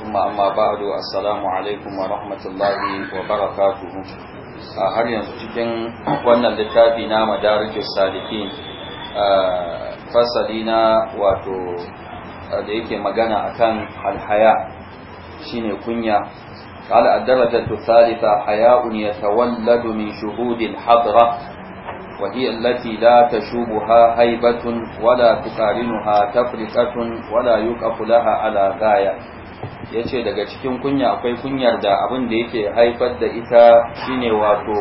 ثم أما بعد السلام عليكم ورحمة الله وبركاته har yanzu cikin wannan littafi na madarijus salihin fasali na wato da yake magana akan alhaya shine kunya قال الدرجة الثالثة حياء يتولد من شهود الحضرة وهي التي لا تشوبها هيبة ولا تقارنها تفرقة ولا يقف لها على غاية ya ce daga cikin kunya akwai kunyar da abin da yake haifar da ita shine wato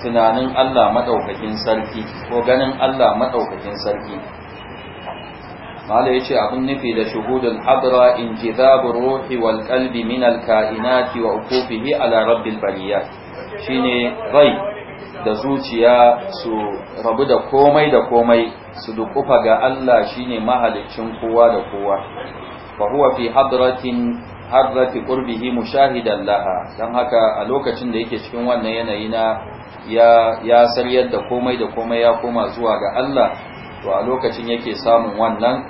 tunanin Allah maɗaukakin sarki ko ganin Allah maɗaukakin sarki mala ya ce abin nufi da shuhudul hadra in ji zabin roƙi wal kalbi min alka'inati wa ukufihi ala rabbil bariyat shine rai da zuciya su rabu da komai da komai su dukufa ga Allah shine mahaliccin kowa da kowa فهو في fi hadratin hadrati مشاهدا لها laha dan haka a lokacin da yake cikin wannan yanayi na ya ya sariyar da komai da komai ya koma zuwa ga Allah to a lokacin yake samun wannan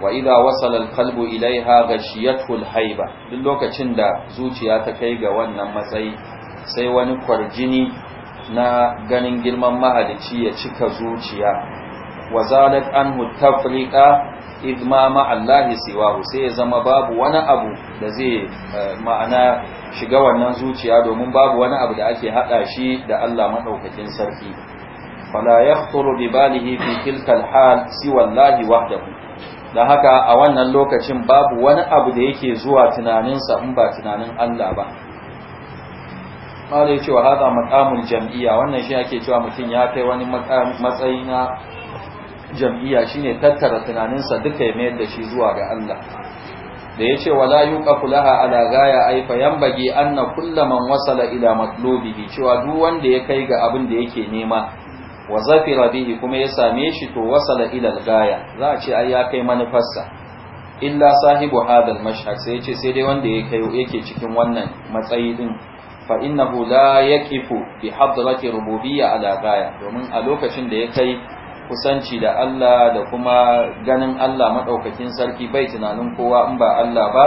wa idha wasala alqalbu ilaiha ghashiyatu alhayba duk lokacin da zuciya ta kai ga wannan matsayi sai wani kwarjini na ganin girman mahalicci ya cika zuciya wa zalat anhu tafriqa idma Allah siwahu sai ya zama babu wani abu da zai ma'ana shiga wannan zuciya domin babu wani abu da ake hada shi da Allah madaukakin sarki fala yakhturu bi balihi fi tilka hal siwallahi wahdahu dan haka a wannan lokacin babu wani abu da yake zuwa tunaninsa in ba tunanin Allah ba Mala ya ce wa hada jam'iyya wannan shi ake cewa mutum ya kai wani matsayi na jam'iyya shine tattara tunanin sa duka ya mayar da shi zuwa ga Allah da yace wala yuqafu laha ala ghaya ay fa bage anna kullaman wasala ila matlubihi cewa duk wanda ya kai ga abin da yake nema wa zafira bihi kuma ya same shi to wasala ila ghaya za a ce ai ya kai manufarsa illa sahibu hadal mashhad sai yace sai dai wanda ya kai yake cikin wannan matsayi din fa innahu la yaqifu bi hadrati rububiyya ala ghaya domin a lokacin da ya kai kusanci da Allah da kuma ganin Allah maɗaukakin sarki bai tunanin kowa in ba Allah ba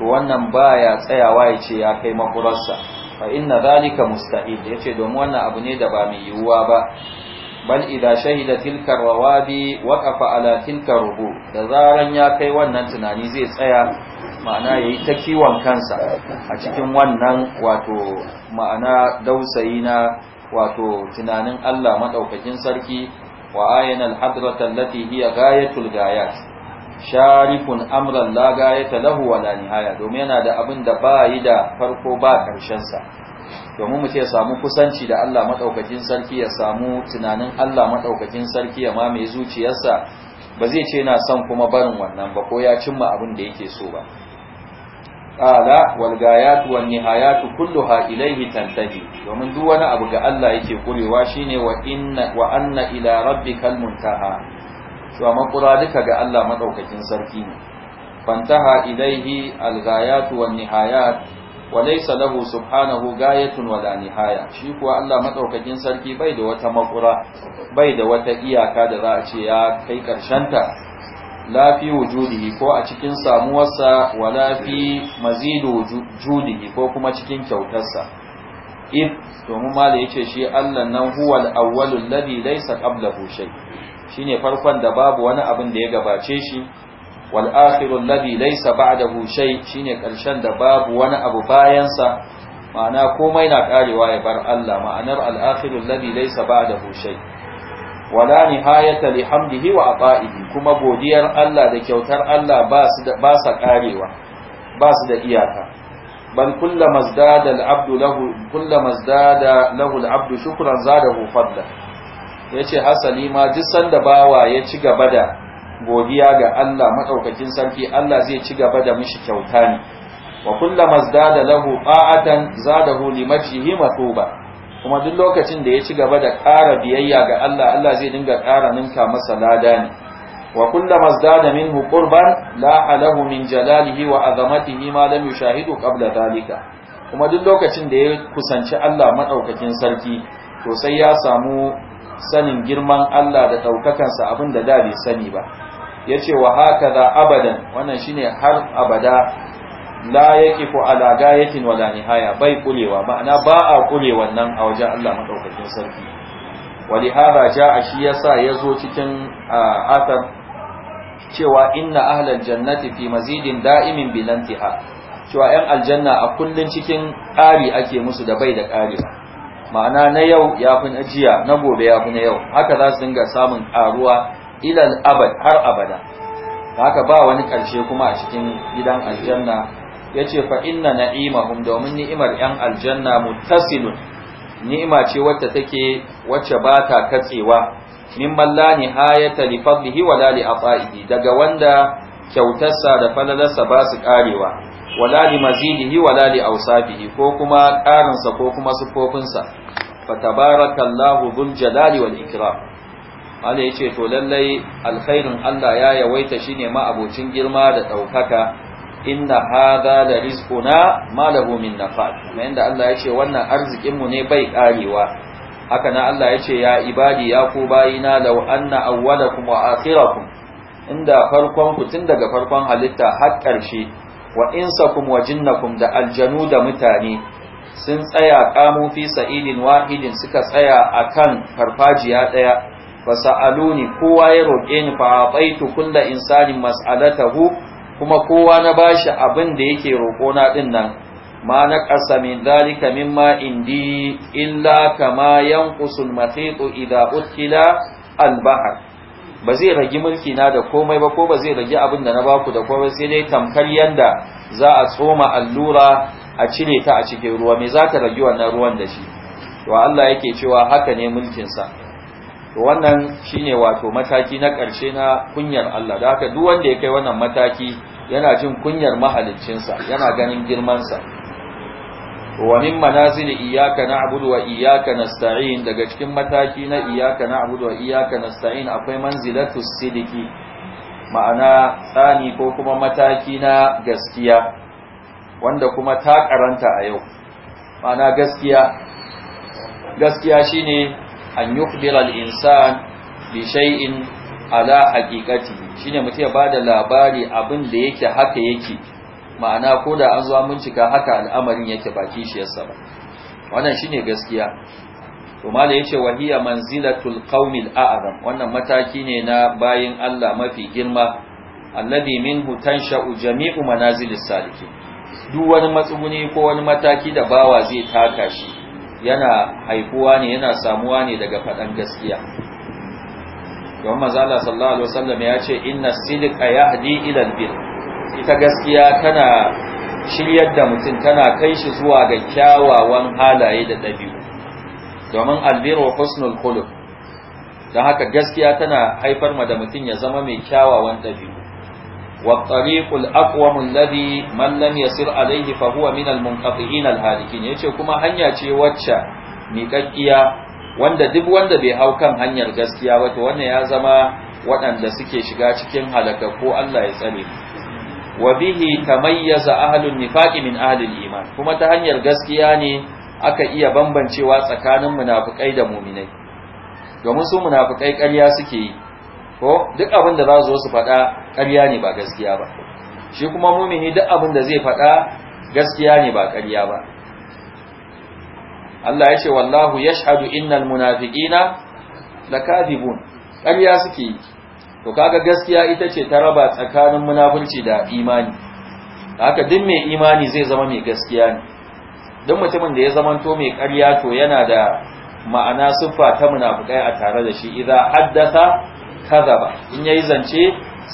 to wannan baya tsayawa ya ce ya kai makurarsa fa inna zalika mustahil yace domin wannan abu ne da ba mai yiwuwa ba bal idza shahida tilka rawabi waqafa ala tilka rubu da zaran ya kai wannan tunani zai tsaya ma'ana yayi ta kiwon kansa a cikin wannan wato ma'ana dausayi na wato tunanin Allah madaukakin sarki وآينا الحضرة التي هي غاية الغايات شارف أمرا لا غاية له ولا نهاية دومينا دا أبن دا بايدا فرقو باك كرشنسا domin mutum ya samu kusanci da Allah maɗaukacin sarki ya samu tunanin Allah maɗaukacin sarki ya ma mamaye zuciyarsa ba zai ce na son kuma barin wannan ba ko ya cimma abin da yake so ba qala wal gayat wan kulluha ilaihi tantahi domin duk wani abu ga Allah yake kurewa shine wa inna wa anna ila rabbikal muntaha to amma kura duka ga Allah madaukakin sarki ne fantaha ilaihi al wan nihayat wa laysa lahu subhanahu gayatun wala nihaya shi kuwa Allah madaukakin sarki bai da wata makura bai da wata iyaka da za a ce ya kai karshen ta Lafi fi wujudihi ko a cikin samuwarsa wala fi mazidu wujudihi ko kuma cikin kyautarsa If, domin ya ce shi Allah nan huwal awwalul ladhi laysa qablahu shay shine farkon da babu wani abin da ya gabace shi wal akhirul ladhi laysa ba'dahu shay shine karshen da babu wani abu bayan sa ma'ana komai na karewa ya bar Allah ma'anar al akhirul ladhi laysa ba'dahu shay wala nihayata hiwa a ata'ihi kuma godiyar Allah da kyautar Allah ba su da karewa ba su da iyaka bal kullama zdada al-abdu lahu kullama zdada lahu al-abdu shukran zadahu fadla yace hasali ma duk sanda bawa ya ci gaba da godiya ga Allah madaukakin sarki Allah zai ci gaba da mishi kyauta ne wa kullama zdada lahu qa'atan zadahu limajhihi matuba kuma duk lokacin da ya ci gaba da ƙara biyayya ga Allah Allah zai dinga ƙara ninka masa lada ne wa kullama zada minhu qurban la alahu min jalalihi wa azamatihi ma lam yushahidu qabla zalika. kuma duk lokacin da ya kusanci Allah madaukakin sarki to sai ya samu sanin girman Allah da daukakansa abin da da bai sani ba yace wa hakaza abadan wannan shine har abada la yake ko ala gayatin wala nihaya bai kulewa ma'ana ba a kule wannan a wajen Allah madaukakin sarki wali hada ja shi yasa yazo cikin athar cewa inna ahlal jannati fi mazidin da'imin bilantiha cewa yan aljanna a kullun cikin ƙari ake musu da bai da ƙari ma'ana na yau ya fi na jiya na gobe ya fi na yau haka za su dinga samun ƙaruwa ilal abad har abada haka ba wani ƙarshe kuma a cikin gidan aljanna yace fa inna na'imahum domin ni'imar yan aljanna muttasilun ni'ima ce wacce take wacce ba ta katsewa mimman la nihayata li fadlihi wa la li ata'ihi daga wanda kyautarsa da falalarsa ba su karewa wala li mazidihi wala li awsafihi ko kuma karinsa ko kuma sufofinsa fa tabarakallahu dhul jalali wal ikram Allah yace to lallai alkhairin Allah ya yawaita shine ma abocin girma da daukaka inna hadha da rizquna ma lahu min nafad kuma inda Allah yace wannan arzikin mu ne bai karewa haka na Allah yace ya ibadi ya ku bayina law anna awwalakum wa akhirakum inda farkon ku tun daga farkon halitta har ƙarshe wa insakum wa jinnakum da aljanu da mutane sun tsaya kamu fi sa'idin wahidin suka tsaya akan farfajiya daya fasa'aluni kowa ya roƙe ni fa ataitu kullu insanin mas'alatahu kuma kowa na ba shi abin da yake roƙo na din nan ma na ƙasa min zalika mimma indi illa kama yanqusul mahitu idza utkila al-bahr ba zai ragi mulki na da komai ba ko ba zai ragi abin da na baku da komai sai dai tamkar yanda za a tsoma allura a cire ta a cikin ruwa me za ta ragi wannan ruwan da shi to Allah yake cewa haka ne mulkinsa? to wannan shine wato mataki na ƙarshe na kunyar Allah da haka duk wanda ya kai wannan mataki yana jin kunyar mahaliccinsa yana ganin girmansa wa min manazil iyyaka na'budu wa iyyaka nasta'in daga cikin mataki na iyyaka na'budu wa iyyaka nasta'in akwai manzilatu sidiki ma'ana tsani ko kuma mataki na gaskiya wanda kuma ta karanta a yau ma'ana gaskiya gaskiya shine an yukhbira al-insan bi shai’in ala shi ne mutu ya da labari abin da yake haka yake ma'ana ko da an zo mun bincika haka al'amarin yake shi ya ba wannan shi ne gaskiya to ya yace wahiya manzilatul qaumil a'adam wannan mataki ne na bayin Allah mafi girma min minhu sha'u, jami'u manazilis saliki duk wani matsuguni ko wani mataki da bawa zai taka shi yana haifuwa ne yana samuwa ne daga faɗan gaskiya don mazala sallallahu alaihi wasallam ya ce inna silika yahdi ila albir ita gaskiya tana shiryar da mutum tana kai shi zuwa ga kyawawan halaye da ɗabi'u domin wa husnul khuluq don haka gaskiya tana haifar ma da mutum ya zama mai kyawawan ɗabi'u والطريق الأقوم الذي Alaihi لم يسر عليه فهو من المنقطعين الهالكين yace kuma hanya ce wacce miƙaƙiya wanda duk wanda bai hau kan hanyar gaskiya ba to ya zama waɗanda suke shiga cikin halaka ko Allah ya tsare mu wa bihi tamayyaza ahlun nifaqi min ahli iman kuma ta hanyar gaskiya ne aka iya bambancewa tsakanin munafikai da mu'minai Ga su munafikai karya suke yi ko duk abin da za su su faɗa ƙarya ne ba gaskiya ba shi kuma mumini duk abin da zai faɗa gaskiya ne ba ƙarya ba Allah ya ce wallahu yashhadu innal munafiqina lakadibun ƙarya suke yi to kaga gaskiya ita ce ta raba tsakanin munafurci da imani haka duk mai imani zai zama mai gaskiya ne duk mutumin da ya zamanto mai ƙarya to yana da ma'ana siffa ta munafiqai a tare da shi idan haddasa kaza ba in yayi zance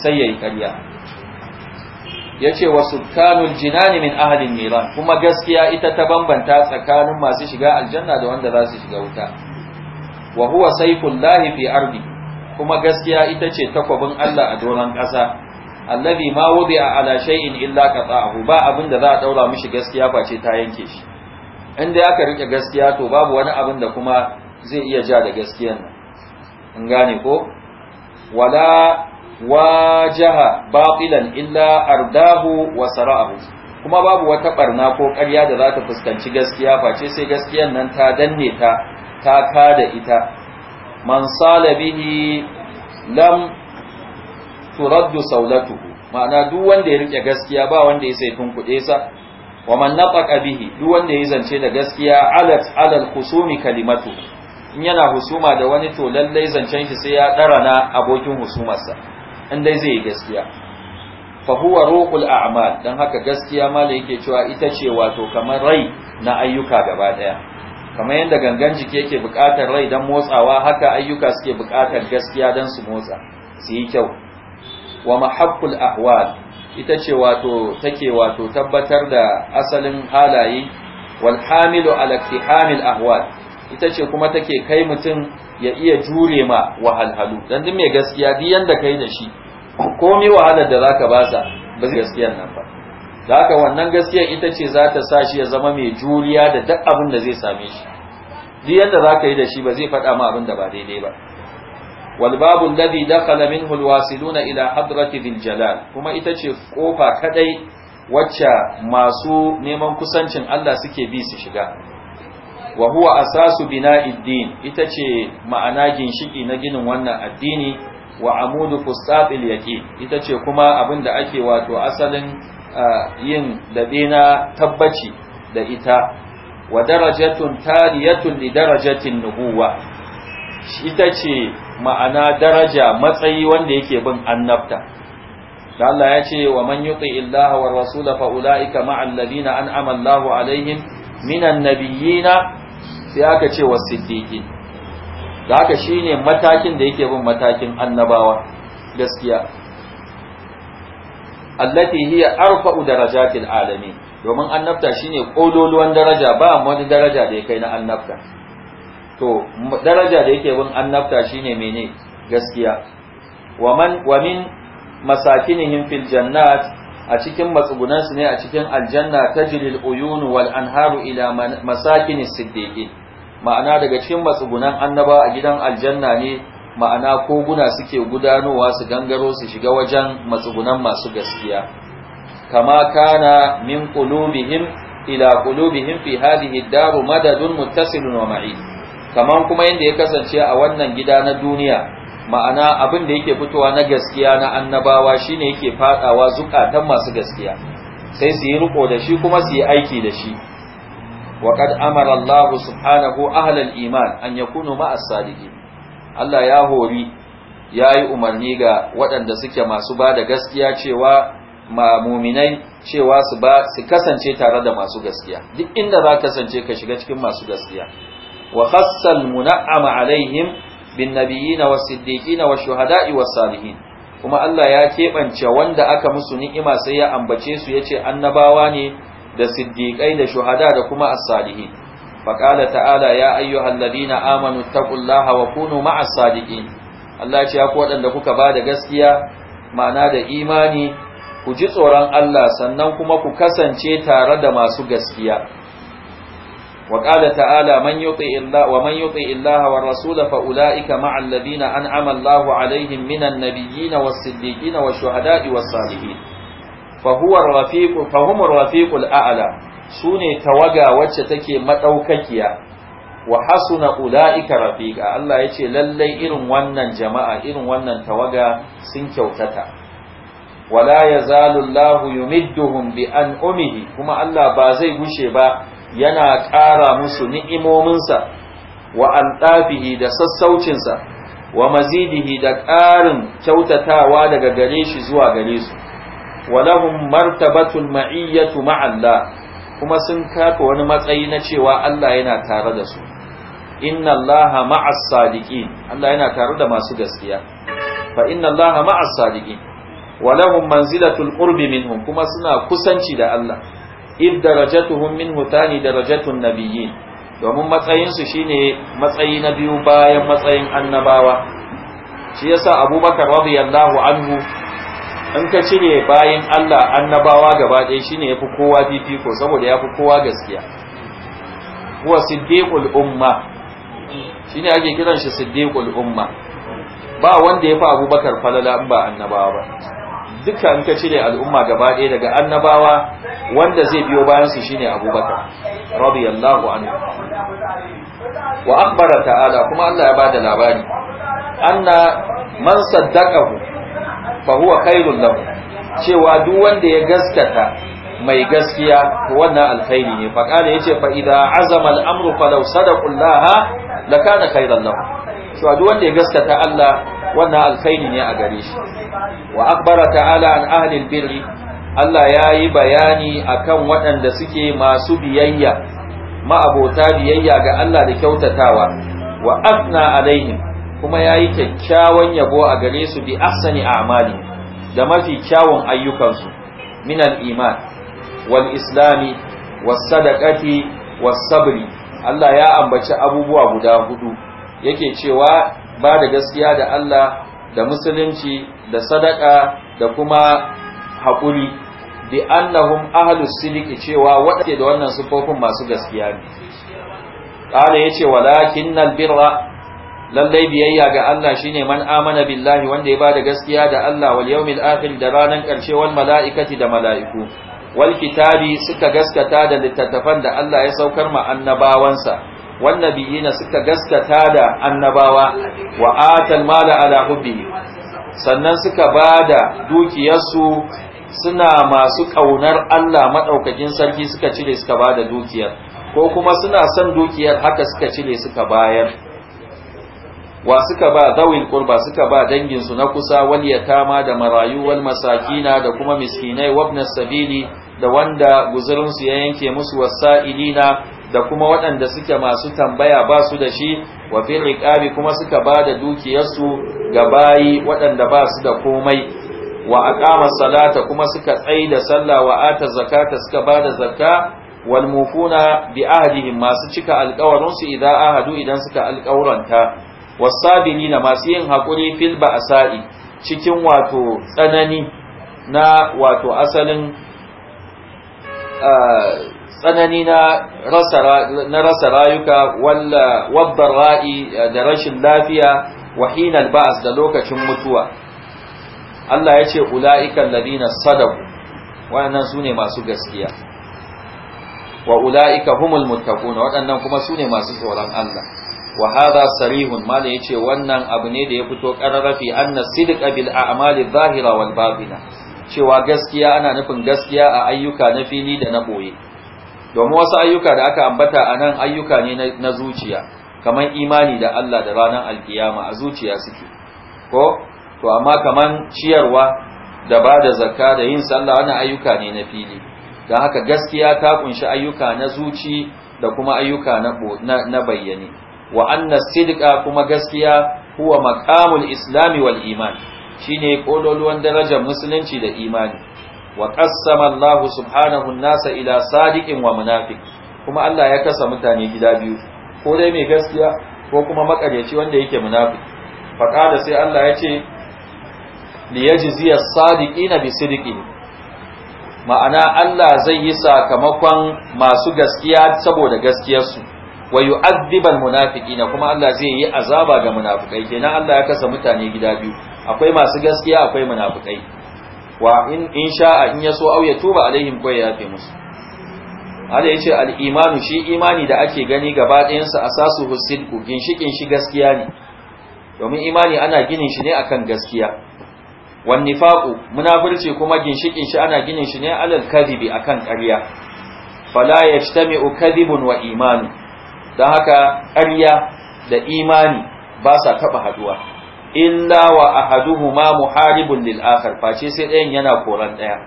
sai yayi ƙarya yace wa sukkanul jinani min ahalin miran kuma gaskiya ita ta bambanta tsakanin masu shiga aljanna da wanda za su shiga wuta wa huwa sayfullahi fi ardi kuma gaskiya ita ce takwabin Allah a doron ƙasa allazi ma a ala shay'in illa qata'ahu ba abin da za a daura mishi gaskiya face ta yanke shi inda aka rike gaskiya to babu wani abin da kuma zai iya ja da gaskiyan nan in gane ko wala wajaha باطلا illa ارداه wa kuma babu wata barna ko ƙarya da za ta fuskanci gaskiya face sai gaskiyan nan ta danne ta ta kada ita man salabihi bihi lam turaddu saulatuhu ma'ana duk wanda ya rike gaskiya ba wanda ya sai tunkuɗe sa wa man naqa bihi duk wanda ya zance da gaskiya alat alal khusumi kalimatu in yana husuma da wani to lallai zancen shi sai ya dara na abokin husumarsa in dai zai yi gaskiya fa huwa ruhul a'mal dan haka gaskiya mala yake cewa ita ce wato kamar rai na ayyuka gaba daya kamar yadda gangan jiki yake buƙatar rai dan motsawa haka ayyuka suke buƙatar gaskiya dan su motsa su yi kyau wa mahabbul ahwal ita ce wato take wato tabbatar da asalin halaye wal hamilu ala ihtihamil ahwal ita ce kuma take kai mutum ya iya jure ma wahalhalu dan duk mai gaskiya di yanda kai da shi komai wahalar da zaka basa ba zai gaskiyar nan ba zaka wannan gaskiya ita ce za ta sa shi ya zama mai juriya da duk abin da zai same shi di yanda zaka yi da shi ba zai faɗa ma abin da ba daidai ba wal babu alladhi dakhala minhu alwasiluna ila hadrati bin jalal kuma ita ce kofa kadai wacce masu neman kusancin Allah suke bi su shiga wa huwa asasu bina'id din ita ce ma'ana ginshiki na ginin wannan addini wa amudu fustabil yaqin ita ce kuma abin da ake wato asalin yin dabe na tabbaci da ita wa darajatun tariyatun li darajatin nubuwa ita ce ma'ana daraja matsayi wanda yake bin annabta da Allah ya ce wa man yuti illaha war rasula fa ulaika ma'al ladina an'ama Allahu alaihim minan nabiyina sai aka ce wa siddiqi da shi shine matakin da yake bin matakin annabawa gaskiya allati hiya arfa'u darajatil alamin domin annabta shine kololuwan daraja ba wani daraja da ya kai na annabta to daraja da yake bin annabta shine mene gaskiya waman wamin masakinihim fil jannat a cikin matsugunan su ne a cikin aljanna tajril uyun wal anharu ila masakin siddiqin ma'ana daga cikin matsugunan annaba a gidan aljanna ne ma'ana koguna suke gudanowa su gangaro su shiga wajen matsugunan masu gaskiya kama kana min qulubihim ila qulubihim fi hadhihi ad madadun muttasilun wa mai. kaman kuma yanda ya kasance a wannan gida na duniya ma'ana abin da yake fitowa na gaskiya na annabawa shine yake fadawa zukatan masu gaskiya sai su yi riko da shi kuma su yi aiki da shi وقد Amarallahu الله سبحانه أهل الإيمان أن يكونوا مع الصالحين Allah ya hori ya yi umarni ga waɗanda suke masu ba da gaskiya cewa muminai cewa su kasance tare da masu gaskiya duk inda za kasance ka shiga cikin masu gaskiya wa khassal muna'ama alaihim bin nabiyina was siddiqina was shuhada'i was salihin kuma Allah ya keɓance wanda aka musu ni'ima sai ya ambace su yace annabawa ne da siddiƙai, da shuhada da kuma as-salihin faqala ta'ala ya ayyuhalladhina amanu taqullaha wa kunu ma'as sadiqin Allah ya ce ku wadanda kuka bada gaskiya ma'ana da imani ku ji tsoron Allah sannan kuma ku kasance tare da masu gaskiya wa ta'ala wa man yuti illaha war rasul fa ulaika ma'al ladina an'ama Allahu alaihim minan nabiyyin was siddiqin was shuhada'i salihin fahuwar rafiqu fahumur a'la sune tawaga wacce take maɗaukakiya wa hasuna ulaika rafiqa Allah yace lallai irin wannan jama'a irin wannan tawaga sun kyautata wala zalullahu Allah yumidduhum bi umihi. kuma Allah ba zai gushe ba yana ƙara musu ni'imominsa wa alɗafihi da sassaucinsa wa mazidihi da ƙarin kyautatawa daga gare shi zuwa gare su walahum martabatul ma'iyyatu ma'alla kuma sun kafa wani matsayi na cewa Allah yana tare da su inna Allah ma'as sadiqin Allah yana tare da masu gaskiya fa inna Allah ma'as sadiqin walahum manzilatul qurbi minhum kuma suna kusanci da Allah id darajatuhum minhu tani darajatun nabiyyin domin matsayinsu shine matsayi na biyu bayan matsayin annabawa shi yasa abubakar radiyallahu anhu in ka cire bayan Allah annabawa gaba ɗaya shine yafi kowa fifiko saboda yafi kowa gaskiya huwa siddiqul umma shine ake kiran shi siddiqul umma ba wanda yafi Abubakar falala in ba annabawa ba duka in ka cire al'umma gaba ɗaya daga annabawa wanda zai biyo bayan su shine Abubakar radiyallahu anhu wa akhbara ta'ala kuma Allah ya bada labari anna man saddaqahu fa huwa lahu cewa duk wanda ya gaskata mai gaskiya wannan alkhairi ne fa kana yace fa idza azama al-amru fa law sadaqullaha la kana khairan lahu cewa duk wanda ya gaskata Allah wannan alkhairi ne a gare shi wa akbara ta'ala an ahli al Allah ya yi bayani akan waɗanda suke masu biyayya ma'abota biyayya ga Allah da kyautatawa wa afna alaihim kuma ya yi kyakkyawan yabo a gare su bi ahsani a'mali da mafi kyawun ayyukansu min iman wal islami was sadaqati was sabri Allah ya ambaci abubuwa guda hudu yake cewa ba da gaskiya da Allah da musulunci da sadaka da kuma haƙuri bi annahum ahlus sidiki cewa waɗanda da wannan sifofin masu gaskiya ne qala yace walakinnal birra lallai biyayya ga Allah shine man amana billahi wanda ya bada gaskiya da Allah wal yawmil akhir da ranan karshe wal malaikati da malaiku wal kitabi suka gaskata da littattafan da Allah ya saukar ma annabawansa wan nabiyina suka gaskata da annabawa wa atal mala ala hubbi sannan suka bada dukiyarsu suna masu kaunar Allah madaukakin sarki suka cire suka bada dukiyar ko kuma suna son dukiyar haka suka cire suka bayar wa suka ba zawil kurba suka ba danginsu na kusa wal yatama da marayu wal masakina da kuma miskinai wa ibn sabili da wanda guzurin ya yanke musu wasailina da kuma waɗanda suke masu tambaya ba su da shi wa fi riqabi kuma suka ba da dukiyarsu ga bayi waɗanda ba su da komai wa aqama salata kuma suka tsaida sallah wa ata zakata suka ba da zakka wal mufuna bi ahdihim masu cika alƙawarin su idan ahadu idan suka alƙawaranta wasabirina masu yin haƙuri fil ba'sa'i cikin wato tsanani na wato asalin tsanani na rasa rayuka wabbar ra'i da rashin lafiya wahinal ba'as da lokacin mutuwa Allah ya ce ula'ikan ladina sadaku waɗannan su ne masu gaskiya wa ula'ika humul muttaquna waɗannan kuma su ne masu tsoron Allah wa hada sarihun malam yace wannan abu ne da ya fito qararafi anna sidqa bil a'mali zahira wal batina cewa gaskiya ana nufin gaskiya a ayyuka na fili da na boye domin wasu ayyuka da aka ambata anan ayyuka ne na zuciya kamar imani da Allah da ranar alkiyama a zuciya suke ko to amma kaman ciyarwa da ba da zakka da yin sallah wannan ayyuka ne na fili don haka gaskiya ta kunshi ayyuka na zuci da kuma ayyuka na bayyane wa anna sidqa kuma gaskiya huwa maqamul islami wal iman shine kodoluwan darajar musulunci da imani wa qassama Allah subhanahu an-nasa ila sadiqin wa munafiq kuma Allah ya kasa mutane gida biyu ko dai mai gaskiya ko kuma makareci wanda yake fa kada sai Allah ya ce yajzi as-sadiqina bi sidqin ma'ana Allah zai yi sakamakon masu gaskiya saboda gaskiyarsu wa yu'adhibal munafiqina kuma Allah zai yi azaba ga munafikai kenan Allah ya kasa mutane gida biyu akwai masu gaskiya akwai munafikai wa in insha sha'a in yaso au ya tuba alaihim ko ya yafe musu Allah yace al-imanu shi imani da ake gani gaba ɗayan sa asasu husidku ginshikin shi gaskiya ne domin imani ana ginin shi ne akan gaskiya wan nifaqu munafirci kuma ginshikin shi ana ginin shi ne alal kadhibi akan ƙarya fala yajtami'u kadhibun wa imanu don haka ƙarya da imani ba sa taɓa haduwa illa wa ma muharibun lil akhar face sai ɗayan yana koran ɗaya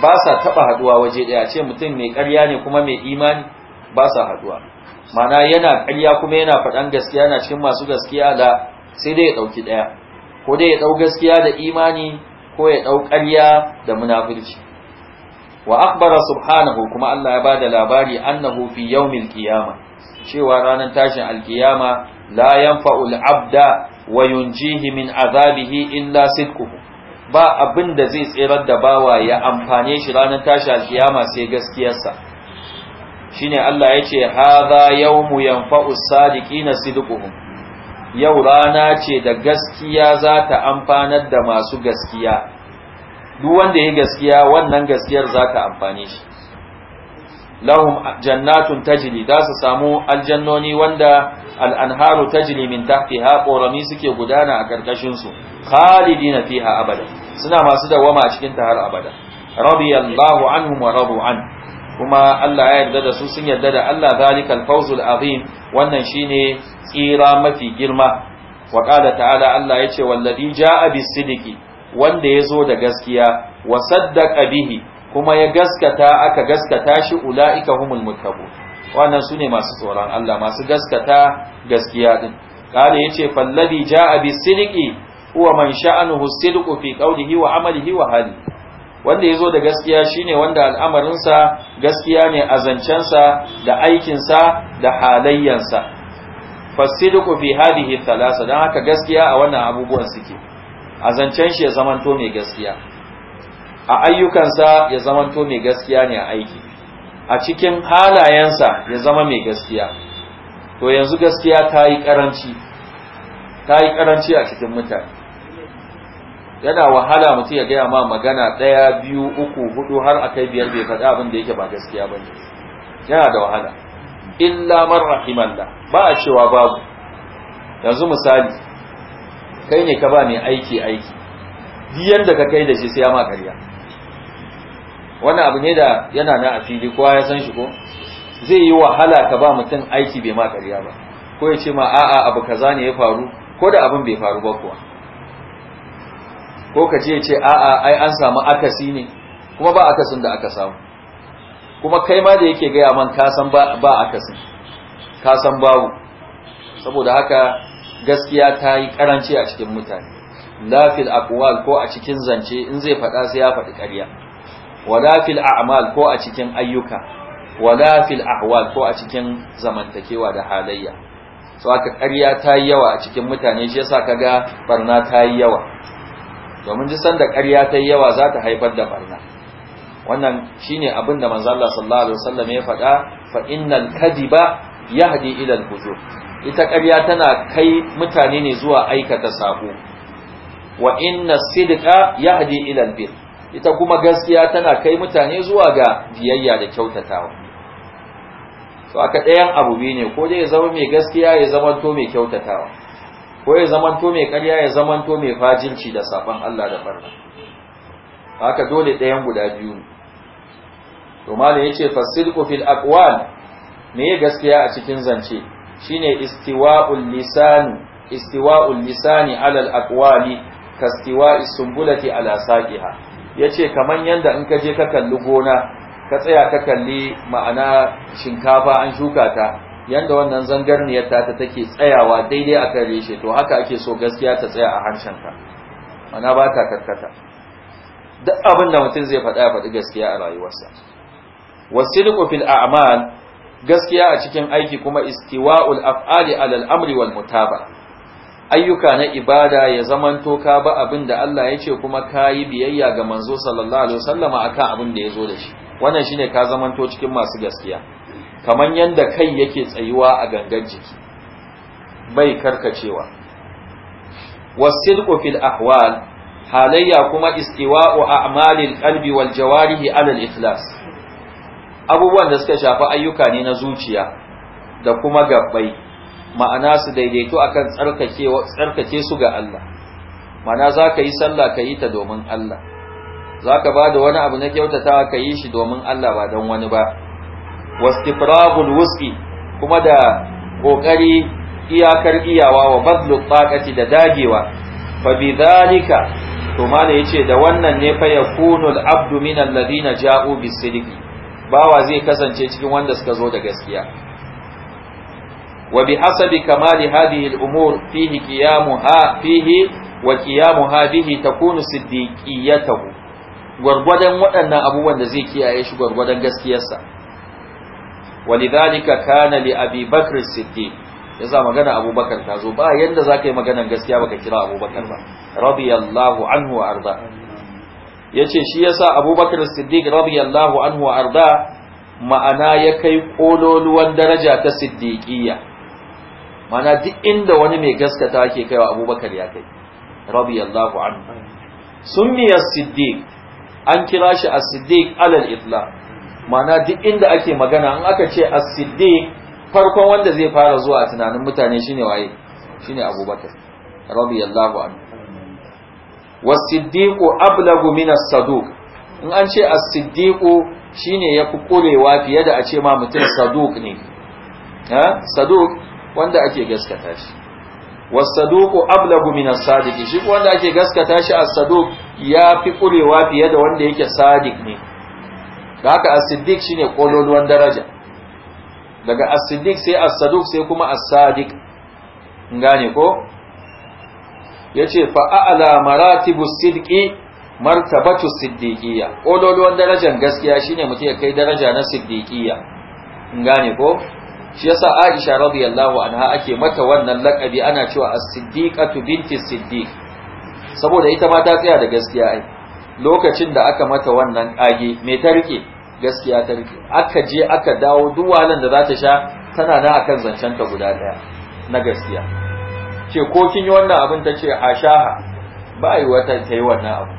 ba sa taɓa haduwa waje ɗaya ce mutum mai ƙarya ne kuma mai imani ba sa haduwa mana yana ƙarya kuma yana faɗan gaskiya na cikin masu gaskiya da sai dai ya ɗauki ɗaya ko dai ya ɗau gaskiya da imani ko ya ɗau ƙarya da munafurci wa akbara subhanahu kuma Allah ya ba da labari annahu fi yawmil qiyamah cewa ranar tashin alkiyama la yanfa'ul abda wa yunjihi min azabihi illa sidquhu ba abin da zai tsirar da bawa ya amfane shi ranar tashin alkiyama sai gaskiyarsa shine Allah ya ce hadha yawmu yanfa'u sadiqina sidquhum yau rana ce da gaskiya za ta amfanar da masu gaskiya duk wanda ya gaskiya wannan gaskiyar za ta amfane shi lahum jannatun tajli za su samu aljannoni wanda al'anharu tajli min tahtiha ƙorami suke gudana a ƙarƙashin su khalidina fiha abada suna masu dawama a cikin ta har abada radiyallahu anhum wa radu an kuma Allah ya yarda da su sun yarda da Allah zalikal fawzul azim wannan shine tsira mafi girma wa qala ta'ala Allah yace wallazi ja'a bis sidiki wanda yazo da gaskiya wa saddaqa bihi kuma ya gaskata aka gaskata shi ula'ika humul muttaqun wannan sune masu tsoron Allah masu gaskata gaskiya din ce yace ja ja'a bisidqi huwa man sha'anuhu sidqu fi qawlihi wa amalihi wa hali wanda yazo da gaskiya shine wanda al'amarin gaskiya ne a zancensa da aikinsa, da halayyansa fasidqu fi hadhihi thalasa dan haka gaskiya a wannan abubuwan suke a zancen shi ya zamanto mai gaskiya a ayyukansa ya zamanto mai gaskiya ne a aiki a cikin halayensa ya zama mai gaskiya to yanzu gaskiya ta yi karanci ta yi karanci a cikin mutane yana wahala mutum ya gaya ma magana ɗaya biyu uku hudu har a kai biyar bai faɗa abin da yake ba gaskiya ba yana da wahala illa da ba a cewa babu yanzu misali kai ne ka ba mai aiki aiki biyan da ka kai da shi sai ya ma karya. wani abu ne da yana na a fili kowa ya san shi ko zai yi wahala ka ba mutum aiki bai ma ƙarya ba ko ya ce ma a'a abu kaza ne ya faru ko da abin bai faru ba kuwa ko ka ce ce a'a ai an samu akasi ne kuma ba akasin da aka samu kuma kai ma da yake gaya man ka san ba akasin ka san babu saboda haka gaskiya ta yi karanci a cikin mutane lafil aqwal ko a cikin zance in zai faɗa sai ya faɗi ƙarya wala fil a'mal ko a cikin ayyuka wala fil ahwal ko a cikin zamantakewa da halayya so aka ƙarya ta yi yawa a cikin mutane shi yasa kaga barna ta yi yawa domin duk sanda ƙarya ta yi yawa za ta haifar da barna wannan shine abin da manzo Allah sallallahu alaihi wasallam ya faɗa fa innal kadiba yahdi ila al-fujur ita ƙarya tana kai mutane ne zuwa aikata sako wa inna sidqa yahdi ila al birr ita kuma gaskiya tana kai mutane zuwa ga biyayya da kyautatawa to aka ɗayan abu biyu ne ko dai ya zama mai gaskiya ya to mai kyautatawa ko ya to mai ƙarya ya to mai fajilci da sabon Allah da barna haka dole ɗayan guda biyu ne to malam yace fasidqu fil aqwal me gaskiya a cikin zance shine istiwa'ul lisan istiwa'ul lisani ala al aqwali kastiwa'i sumbulati ala saqiha ya ce kamar yadda in ka je ka kalli gona ka tsaya ka kalli ma'ana shinkafa an shuka ta yadda wannan zangarniyar ta take tsayawa daidai a kan reshe to haka ake so gaskiya ta tsaya a harshen ka mana ba ta karkata duk abin da mutum zai faɗa ya faɗi gaskiya a rayuwarsa wasidqu fil a'mal gaskiya a cikin aiki kuma istiwa'ul af'ali alal amri wal mutaba ayyuka na ibada ya zamanto ka ba abin da Allah ya ce kuma ka yi biyayya ga manzo sallallahu alaihi wasallama akan abin da ya zo da shi wannan shine ka zamanto cikin masu gaskiya kamar yanda kai yake tsayuwa a gangan jiki bai karkacewa wasilqu fil ahwal halayya kuma istiwa'u a'malil qalbi wal jawarihi ala al ikhlas abubuwan da suka shafi ayyuka ne na zuciya da kuma gabbai ma'ana su daidaito akan tsarkake tsarkake su ga Allah ma'ana zaka yi sallah ka yi ta domin Allah zaka bada wani abu na kyautata ka yi shi domin Allah ba don wani ba wastifragul wuski kuma da kokari iyakar iyawa wa badlu taqati da dagewa fa bidhalika to mala yace da wannan ne fa yakunul abdu min alladhina ja'u bis bawa zai kasance cikin wanda suka zo da gaskiya وبحسب كمال هذه الأمور فيه قيامها فيه وقيامها به تكون صديقيته gwargwadon waɗannan abubuwan da zai kiyaye shi gwargwadon gaskiyarsa walidhalika kana li abi bakr siddiq yasa magana abubakar ta zo ba yanda zaka yi maganar gaskiya baka kira abubakar ba radiyallahu anhu wa arda yace shi yasa abubakar siddiq radiyallahu anhu wa arda ma'ana ya kai kololuwan daraja ta siddiqiyya mana duk inda wani mai gaskata ke kaiwa abubakar ya kai radiyallahu anhu miya siddiq an kira shi as-siddiq alal itla mana duk inda ake magana an aka ce as-siddiq farkon wanda zai fara zuwa a tunanin mutane shine waye shine abubakar radiyallahu anhu was-siddiq ablagu min as-saduq in an ce as-siddiq shine yafi kurewa fiye da a ce ma mutum saduq ne ha saduq wanda ake gaskata shi wasaduqu ablagu min as-sadiq shi wanda ake gaskata shi as-saduq fi kurewa fiye da wanda yake sadiq ne da haka as-siddiq shine kololuwan daraja daga as-siddiq sai as-saduq sai kuma as-sadiq ngane ko yace fa a'la maratibus sidqi martabatu siddiqiyya kololuwan darajar gaskiya shine mutum ya kai daraja na siddiqiyya ngane ko shi yasa Aisha radiyallahu anha ake mata wannan lakabi ana cewa as-siddiqatu binti siddiq saboda ita ma ta tsaya da gaskiya ai lokacin da aka mata wannan age me ta rike gaskiya ta rike aka je aka dawo duk da za ta sha tana nan akan zancen ta guda daya na gaskiya ce ko kin yi wannan abin ta ce hashaha ba yi wata ta yi wannan abu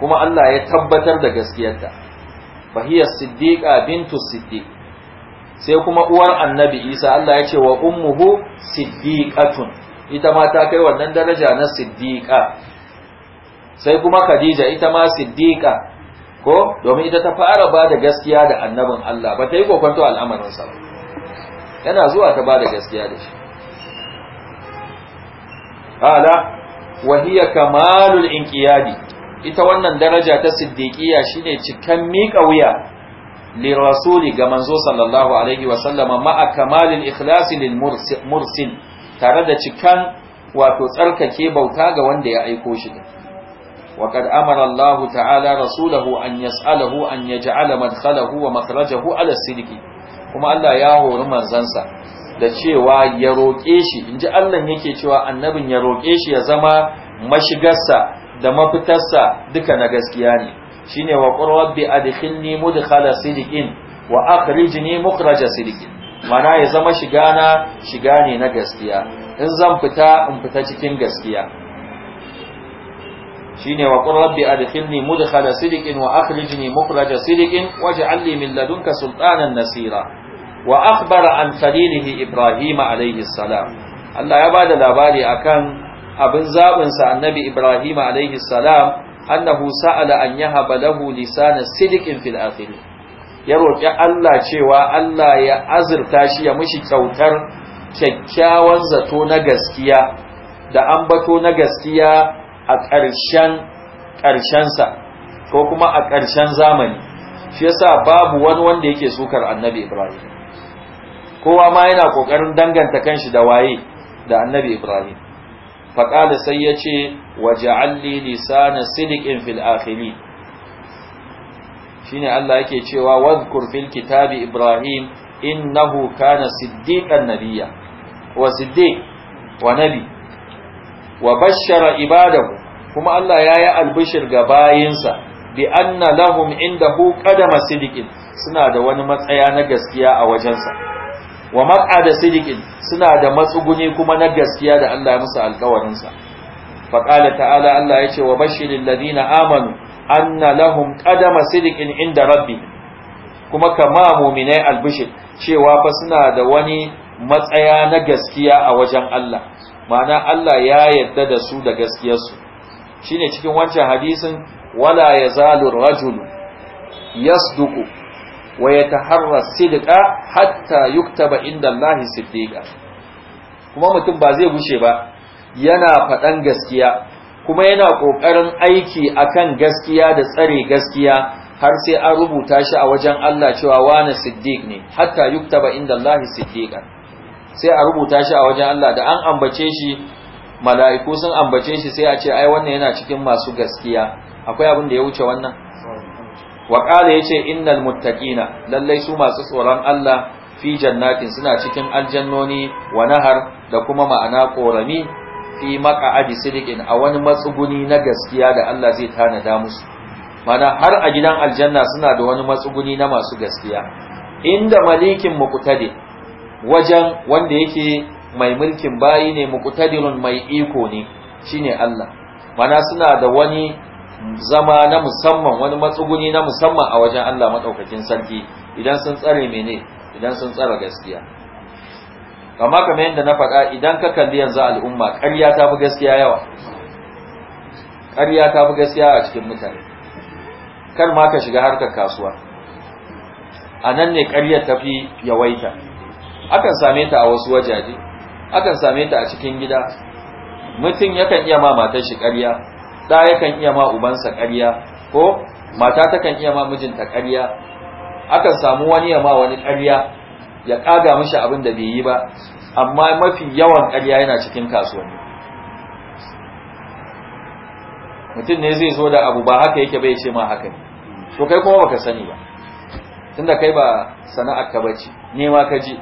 kuma Allah ya tabbatar da gaskiyarta fa hiya bintu siddiq sai kuma uwar annabi isa Allah ya ce wa ummuhu siddiqatun ita ma ta kai wannan daraja na siddiqa sai kuma khadija ita ma siddiqa ko domin ita ta fara ba da gaskiya da annabin Allah ba ta yi kokonto al'amarin sa ba yana zuwa ta ba da gaskiya da shi ala wa hiya kamalul inqiyadi ita wannan daraja ta siddiqiya shine cikan miƙa wuya lirasuli ga manzo sallallahu alaihi wa sallama ma'a kamalin ikhlasi lil mursil tare da cikan wato tsarkake bauta ga wanda ya aiko shi wa kad amara Allah ta'ala rasulahu an yas'alahu an yaj'ala madkhalahu wa makhrajahu ala sidqi kuma Allah ya hori manzansa da cewa ya roƙe shi inji Allah yake cewa annabin ya roƙe shi ya zama mashigarsa da mafitarsa duka na gaskiya ne shine wa qur rabbi adkhilni mudkhala sidiqin wa akhrijni mukhraja sidiqin mana ya zama shiga na shiga ne na gaskiya in zan fita in fita cikin gaskiya shine wa qur rabbi adkhilni mudkhala sidiqin wa akhrijni mukhraja sidiqin waj'al li min ladunka sultanan nasira wa akhbara an khalilihi ibrahim alayhi salam Allah ya bada labari akan abin zabinsa annabi ibrahim alaihi salam annahu sa'ala an yahaba lahu lisana sidiqin fil ya roki Allah cewa Allah ya azurta shi ya mishi kyautar kyakkyawan zato na gaskiya da ambato na gaskiya a ƙarshen ƙarshensa ko kuma a ƙarshen zamani shi yasa babu wani wanda yake sukar annabi Ibrahim kowa ma yana kokarin danganta kanshi da waye da annabi Ibrahim faƙala sai ya ce waja'alli lisana sidiqin fil Shi shine Allah yake cewa wadhkur fil kitabi ibrahim innahu kana siddiƙan Nabiya. wa siddiq wa nabi wa bashshara ibadahu kuma Allah yayi albishir ga bayinsa bi anna lahum indahu ƙadama siddiqin suna da wani matsaya na gaskiya a wajensa wa mar'a da sidikin suna da matsuguni kuma na gaskiya da Allah ya musu alkawarinsa faƙala ta'ala Allah ya ce wa bashirin ladina amanu anna lahum qadama sidikin inda rabbi kuma kama muminai albishir cewa fa suna da wani matsaya na gaskiya a wajen Allah ma'ana Allah ya yarda da su da gaskiyarsu shine cikin wancan hadisin wala yazalu rajulu yasduqu wa taharra sidika hatta yuktaba inda Allah siddiqa kuma mutum ba zai gushe ba yana faɗan gaskiya kuma yana ƙoƙarin aiki akan gaskiya da tsare gaskiya har sai an rubuta shi a wajen Allah cewa wani siddiq ne hatta yuktaba inda Allah siddiqa sai a rubuta shi a wajen Allah da an ambace shi mala'iku sun ambace shi sai a ce ai wannan yana cikin masu gaskiya akwai abin da ya wuce wannan wa qala yace innal muttaqina lallai su masu tsoron Allah fi jannatin suna cikin aljannoni wa nahar da kuma ma'ana korami fi maq'adi sidiqin a wani matsuguni na gaskiya da Allah zai tanada musu mana har a gidan aljanna suna da wani matsuguni na masu gaskiya inda malikin muqtadi wajen wanda yake mai mulkin bayi ne muqtadirun mai iko ne shine Allah mana suna da wani zama na musamman wani matsuguni na musamman a wajen Allah maɗaukakin sarki idan sun tsare mene idan sun tsare gaskiya kama kamar yadda na faɗa idan ka kalli yanzu al'umma ƙarya ta fi gaskiya yawa ƙarya ta fi gaskiya a cikin mutane kar ma ka shiga harkar kasuwa a nan ne ƙaryar ta fi yawaita akan same ta a wasu wajaje akan same ta a cikin gida mutum yakan iya ma matar shi ƙarya da yakan iya ma ubansa ƙarya ko mata ta kan iya ma mijinta ƙarya akan samu wani ya ma wani ƙarya ya ƙaga mishi abin da bai yi ba amma mafi yawan ƙarya yana cikin kasuwanni mutum ne zai zo da abu ba haka yake bai ce ma haka ne to kai kuma baka sani ba tunda kai ba sana'ar ka bace ma ka ji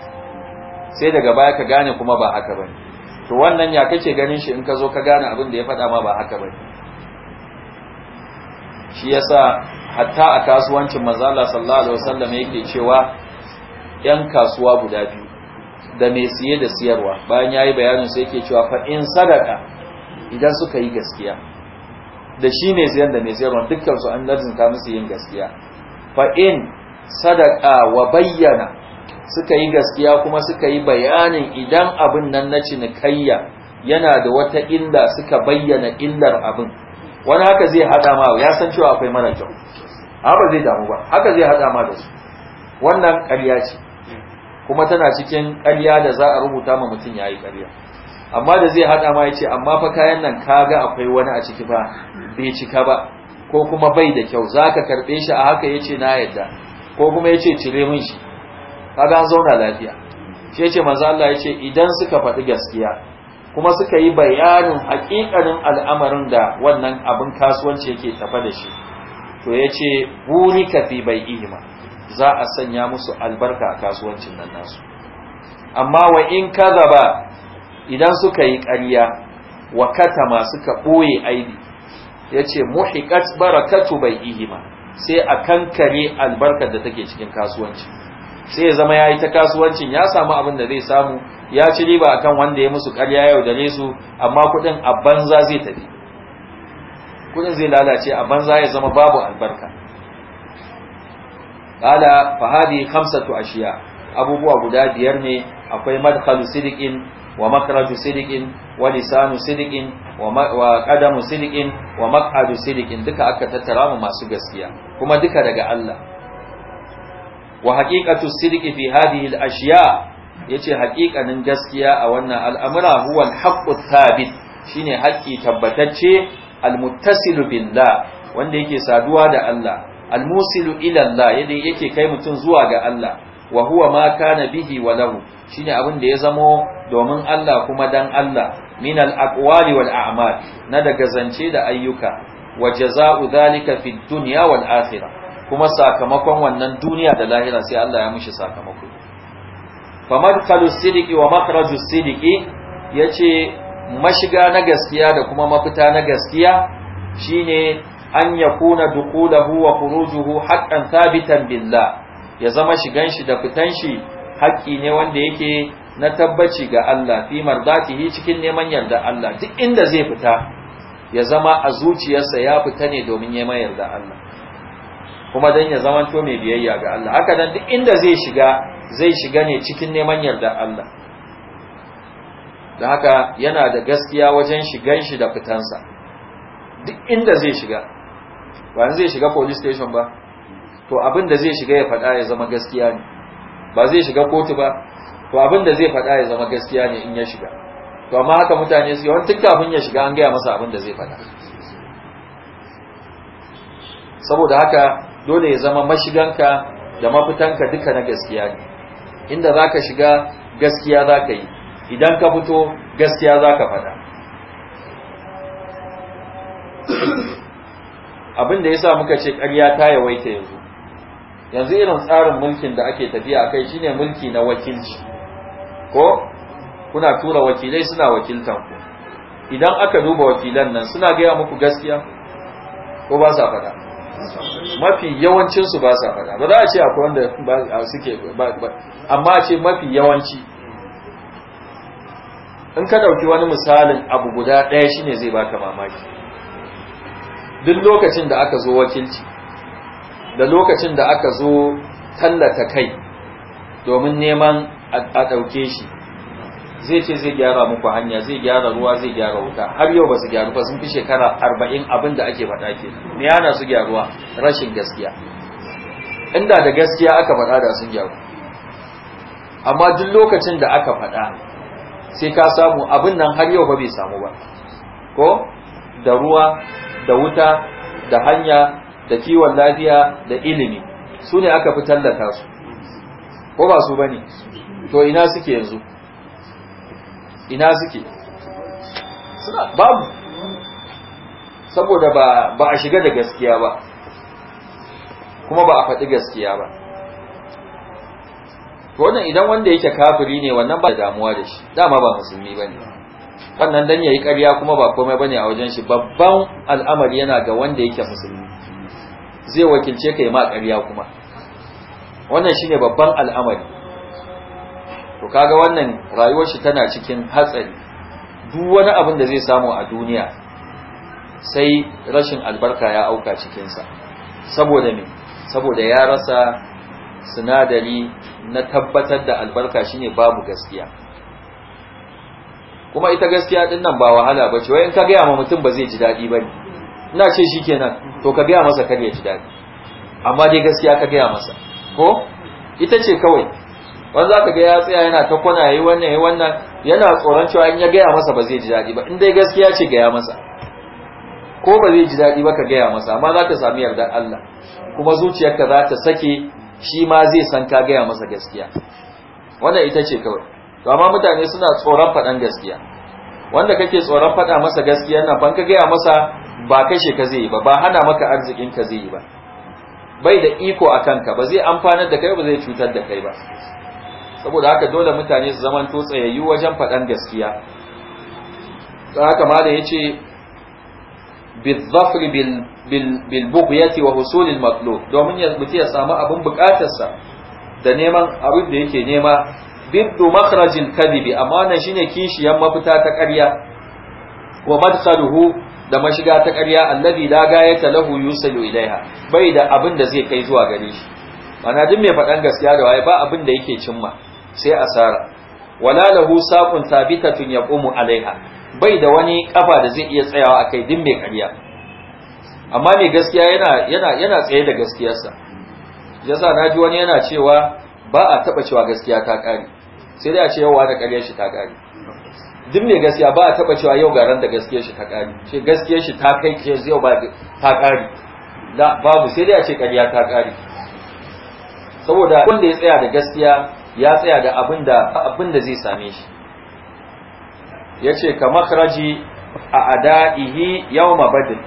sai daga baya ka gane kuma ba haka bane to wannan ya kake ganin shi in ka zo ka gane abin da ya faɗa ma ba haka bane shi yasa hatta a kasuwancin mazala sallallahu alaihi wasallam yake cewa yan kasuwa guda biyu da mai siye da siyarwa bayan yayi bayanin sai yake cewa fa in sadaka idan suka yi gaskiya da shi mai siyan da mai siyarwa dukkan su an lazimta musu yin gaskiya fa in sadaka wa bayyana suka yi gaskiya kuma suka yi bayanin idan abin nan na cinikayya yana da wata illa suka bayyana illar abin wani haka zai hada ma ya san cewa akwai mara kyau haka zai damu ba haka zai hada ma da su wannan ƙarya ce kuma tana cikin ƙarya da za a rubuta ma mutum yayi ƙarya amma da zai hada ma yace amma fa kayan nan ka ga akwai wani a ciki ba bai cika ba ko kuma bai da kyau zaka karɓe shi a haka yace na yadda ko kuma yace cire min shi kaga an zauna lafiya shi yace manzo Allah yace idan suka faɗi gaskiya kuma suka yi bayanin haƙiƙanin al'amarin da wannan abin kasuwanci yake tafa da shi to ya ce burika fi bai ihima za a sanya musu albarka a kasuwancin nan nasu amma wa in kaza ba idan suka yi ƙarya wa masu suka ɓoye aibi ya ce muhiƙat barakatu bai ihima sai a kankare albarkar da take cikin kasuwanci sai ya zama ya yi ta kasuwancin ya samu abin da zai samu ya ci riba akan wanda ya musu karya yau da su amma kuɗin a banza zai tafi kuɗin zai lalace a banza ya zama babu albarka Kala fahadi hamsatu khamsatu ashiya abubuwa guda biyar ne akwai madkhalu sidiqin wa makraju sidiqin wa lisanu sidiqin wa qadamu sidiqin wa maq'adu sidiqin duka aka tattara mu masu gaskiya kuma duka daga Allah wa haqiqatu sidiqi fi hadhihi al-ashya yace haƙiƙanin gaskiya a wannan al'amura huwa al-haqqu thabit shine haƙƙi tabbatacce al bin billah wanda yake saduwa da Allah al-musilu ila Allah yadda yake kai mutum zuwa ga Allah wa huwa ma kana bihi wa lahu shine abin da ya zamo domin Allah kuma dan Allah min al-aqwali wal a'mal na daga zance da ayyuka wa jazaa'u dhalika fid dunya wal akhirah kuma sakamakon wannan duniya da lahira sai Allah ya mushi sakamako fa madkhalu sidiki wa makhraju sidiki yace mashiga na gaskiya da kuma mafita na gaskiya shine an yakuna duqulahu wa khurujuhu haqqan thabitan billah ya zama shigan shi da fitan shi haƙƙi ne wanda yake na tabbaci ga Allah fi mardatihi cikin neman yarda Allah duk inda zai fita ya zama a zuciyarsa ya fita ne domin neman yarda Allah kuma dan ya zamanto mai biyayya ga Allah haka nan duk inda zai shiga zai shiga ne cikin neman yarda Allah da haka yana da gaskiya wajen shigan shi da fitansa duk inda zai shiga ba zai shiga police station ba to abin da zai shiga ya faɗa ya zama gaskiya ne ba zai shiga kotu ba to abin da zai faɗa ya zama gaskiya ne in ya shiga to amma haka mutane su yawan tun kafin ya shiga an gaya masa abin da zai faɗa saboda haka dole ya zama mashiganka da mafitanka duka na gaskiya ne inda za ka shiga gaskiya za ka yi idan ka fito gaskiya za ka fada abin da ya sa muka ce ƙarya ta yawaita yanzu yanzu irin tsarin mulkin da ake tafiya a kai shine mulki na wakilci ko kuna tura wakilai suna wakiltan ku idan aka duba wakilan nan suna gaya muku gaskiya ko ba sa faɗa mafi yawancin su ba sa faɗa ba za a ce akwai wanda ba suke ba amma a ce mafi yawanci in ka ɗauki wani misalin abu guda ɗaya shine zai baka mamaki duk lokacin da aka zo wakilci da lokacin da aka zo tallata kai domin neman a ɗauke shi zai ce zai gyara muku hanya zai gyara ruwa zai gyara wuta har yau ba su gyaru ba sun fi shekara arba'in abin da ake faɗa ke me su gyaruwa rashin gaskiya inda da gaskiya aka faɗa da sun gyaru amma duk lokacin da aka faɗa sai ka samu abin nan har yau ba bai samu ba ko da ruwa da wuta da hanya da kiwon lafiya da ilimi su ne aka fi tallata su ko ba su ba ne to ina suke yanzu ina suke suna babu saboda ba a shiga da gaskiya ba kuma ba a faɗi gaskiya ba wannan idan wanda yake kafiri ne wannan ba damuwa da shi dama ba musulmi ba ne wannan dan yayi ƙarya kuma ba komai bane a wajen shi babban al'amari yana ga wanda yake musulmi zai wakilce ka yi ma ƙarya kuma wannan shine babban al'amari to kaga wannan rayuwar shi tana cikin hatsari duk wani abin da zai samu a duniya sai rashin albarka ya auka cikinsa saboda me saboda ya rasa sinadari na tabbatar da albarka shine babu gaskiya kuma ita gaskiya din nan ba wahala ba ce in ka gaya ma mutum ba zai ji daɗi ba ne ina ce shi kenan to ka gaya masa kar ya ji daɗi amma dai gaskiya ka gaya masa ko ita ce kawai wani za ka ga ya tsaya yana ta kwana yi wannan yi wannan yana tsoron cewa in ya gaya masa ba zai ji daɗi ba in dai gaskiya ce gaya masa ko ba zai ji daɗi ba ka gaya masa amma za ka sami yardar Allah kuma zuciyarka za ta sake shi ma zai san ka gaya masa gaskiya wannan ita ce kawai to amma mutane suna tsoron faɗan gaskiya wanda kake tsoron faɗa masa gaskiya na ban ka gaya masa ba kashe ka zai yi ba ba hana maka arzikin ka zai yi ba bai da iko a kanka ba zai amfanar da kai ba zai cutar da kai ba saboda haka dole mutane su zaman to tsayayyu wajen faɗan gaskiya ta haka ma da ya ce bizafri ce wa husulin matlo domin ya mutu ya samu abin bukatarsa da neman abin da yake nema bidu makarajin kadibi amma wannan shine kishiyar mafita ta ƙarya wa madkhaluhu da mashiga ta ƙarya alladhi la gayata lahu yusalu ilaiha bai da abin da zai kai zuwa gare shi mana duk mai faɗan gaskiya da waye ba abin da yake cimma sai asara wala lahu saqun thabitatun yaqumu alaiha bai da wani kafa da zai iya tsayawa akai din mai kariya amma mai gaskiya yana yana yana tsaye da gaskiyarsa yasa naji wani yana cewa ba a taba cewa gaskiya ta kare sai dai a ce yau da ƙaryar shi ta kare duk mai gaskiya ba a taba cewa yau garan da gaskiyar shi ta kare ce gaskiyar shi ta kai ce yau ba ta kare babu sai dai a ce ƙarya ta kare saboda wanda ya tsaya da gaskiya ya tsaya da abin da zai same shi yace ka makraji a adaihi yawma badr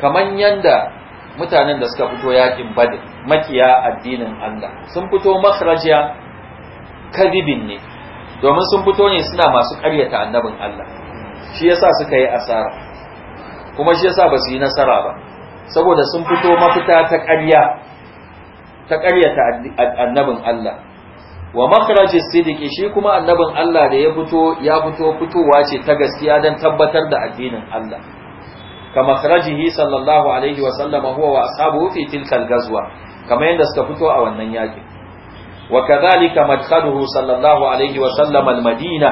kaman yanda mutanen da suka fito yakin badr makiya addinin Allah sun fito makhrajiya kadibin ne domin sun fito ne suna masu karyata annabin Allah shi yasa suka yi asara kuma shi yasa ba su yi nasara ba saboda sun fito mafita ta ƙarya ta annabin Allah wa makharajis sidiki shi kuma annabin Allah da ya fito ya fito fitowa ce ta gaskiya don tabbatar da addinin Allah ka makharajihi sallallahu alaihi wa sallama huwa wa asabu fi tilkal gazwa kamar yadda suka fito a wannan yakin wa kadhalika madkhaluhu sallallahu alaihi wa sallama almadina, madina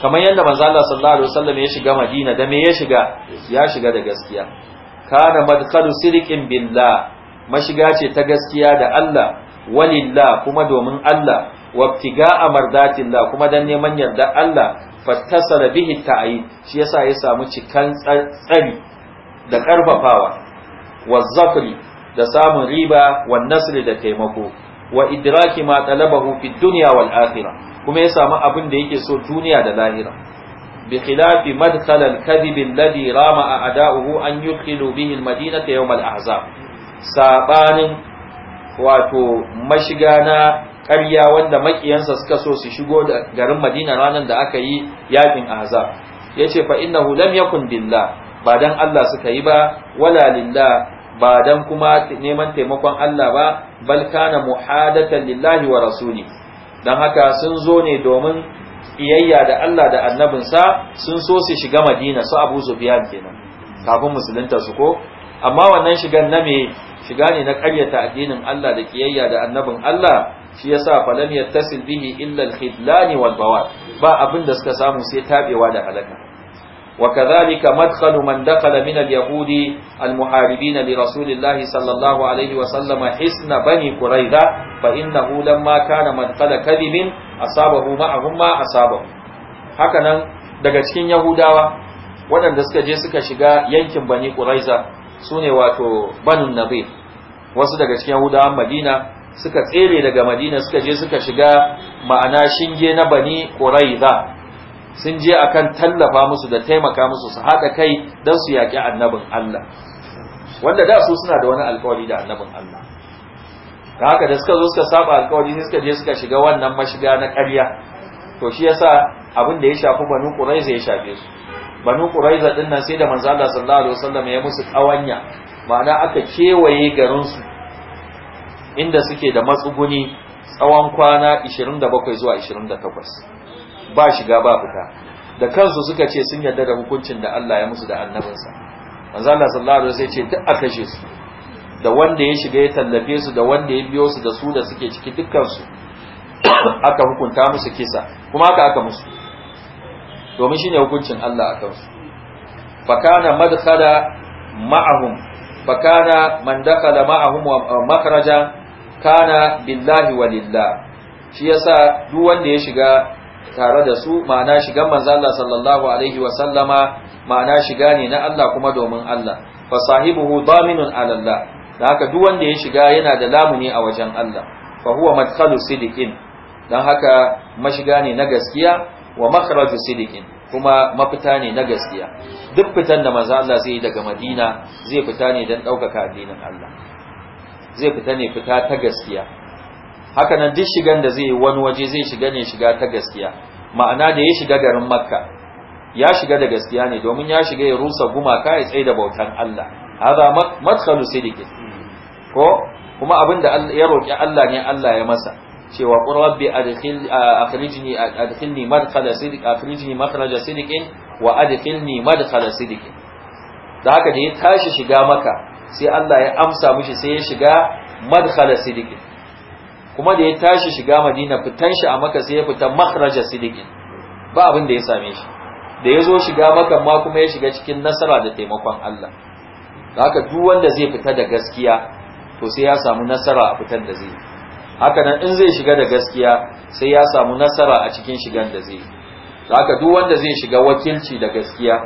kamar yadda manzo Allah sallallahu alaihi wa sallam ya shiga Madina da me ya shiga ya shiga da gaskiya kana madkhalu sidiqin billah mashiga ce ta gaskiya da Allah walillah kuma domin Allah wabtiga'a mardatillah kuma dan neman yarda Allah fattasala bihi ta'ayi shi yasa ya samu cikan tsari da karfafawa zafri da samun riba wa nasri da taimako wa idraki ma talabahu fi dunya wal akhirah kuma ya samu abin da yake so duniya da lahira bi khilafi madkhal al kadhib alladhi rama a'da'uhu an yudkhilu bihi al madinata yawm al ahzab sabanin wato mashiga na ƙarya wanda makiyansa suka so su shigo da garin Madina ranar da aka yi yaƙin aza. Ya ce fa innahu lam yakun billah ba dan Allah suka yi ba wala lillah ba dan kuma neman taimakon Allah ba bal kana muhadatan lillahi wa rasuli dan haka sun zo ne domin iyayya da Allah da annabinsa sun so su shiga Madina su Abu Sufyan kenan kafin musulunta su ko amma wannan shigan na me shiga ne na ƙaryata addinin Allah da kiyayya da annabin Allah shi yasa falam yattasil bihi illa al-khidlan wal bawar ba abin da suka samu sai tabewa da halaka wa kadhalika madkhalu man dakhala min al-yahudi al-muharibin li rasulillahi sallallahu alaihi wa sallam hisna bani quraiza fa innahu lamma kana madkhala kadhibin asabahu ma'ahum ma Haka nan daga cikin yahudawa waɗanda suka je suka shiga yankin bani quraiza sune wato banun nabi wasu daga cikin yahudawan madina suka tsere daga madina suka je suka shiga ma'ana shinge na bani ƙuraiza sun je akan tallafa musu da taimaka musu su haɗa kai don su yaƙi annabin Allah wanda da su suna da wani alkawari da annabin Allah da haka da suka zo suka saba alkawari sai suka je suka shiga wannan mashiga na ƙarya to shi yasa abin da ya shafi banu ƙuraiza ya shafe su banu ƙuraiza ɗin nan sai da manzo Allah sallallahu alaihi wasallam ya musu ƙawanya ma'ana aka kewaye garin su inda suke da matsuguni tsawon kwana 27 zuwa 28 ba shiga ba fita da kansu suka ce sun yarda da hukuncin da Allah ya musu da annabinsa manzo Allah sallallahu alaihi wasallam ya ce duk a kashe su da wanda ya shiga ya tallafe su da wanda ya biyo su da su da suke ciki dukkan su aka hukunta musu kisa kuma aka aka musu domin shine hukuncin Allah akan su fakana madkhala ma'ahum fakana man dakala ma'ahum makaraja kana billahi walillah shi yasa duk wanda ya shiga tare da su ma'ana shigan manzo Allah sallallahu alaihi wa sallama ma'ana shiga ne na Allah kuma domin Allah fa sahibuhu daminun ala Allah dan haka duk wanda ya shiga yana da lamuni a wajen Allah fa huwa madkhalu sidiqin dan haka mashiga ne na gaskiya wa Makaraju sidiqin kuma mafita ne na gaskiya duk fitan da manzo Allah zai yi daga Madina zai fita ne dan daukaka addinin Allah zai fita ne fita ta gaskiya haka nan duk shigan da zai wani waje zai shiga ne shiga ta gaskiya ma'ana da ya shiga garin makka ya shiga da gaskiya ne domin ya shiga ya rusa gumaka ya tsaye da bautan Allah haza madkhalu sidiqin ko kuma abin da ya roki Allah ne Allah ya masa cewa qur rabbi adkhil akhrijni adkhilni madkhala sidiq akhrijni makhraja sidiqin wa adkhilni madkhala sidiqin da haka da ya tashi shiga maka sai Allah ya amsa mishi sai ya shiga madkhala sidiqin kuma da ya tashi shiga Madina fitan shi a Makka sai ya fita makhraja sidiqin ba abin da ya same shi da ya zo shiga Makka ma kuma ya shiga cikin nasara da taimakon Allah haka duk wanda zai fita da gaskiya to sai ya samu nasara a fitan da zai haka nan in zai shiga da gaskiya sai ya samu nasara a cikin shigan da zai haka duk wanda zai shiga wakilci da gaskiya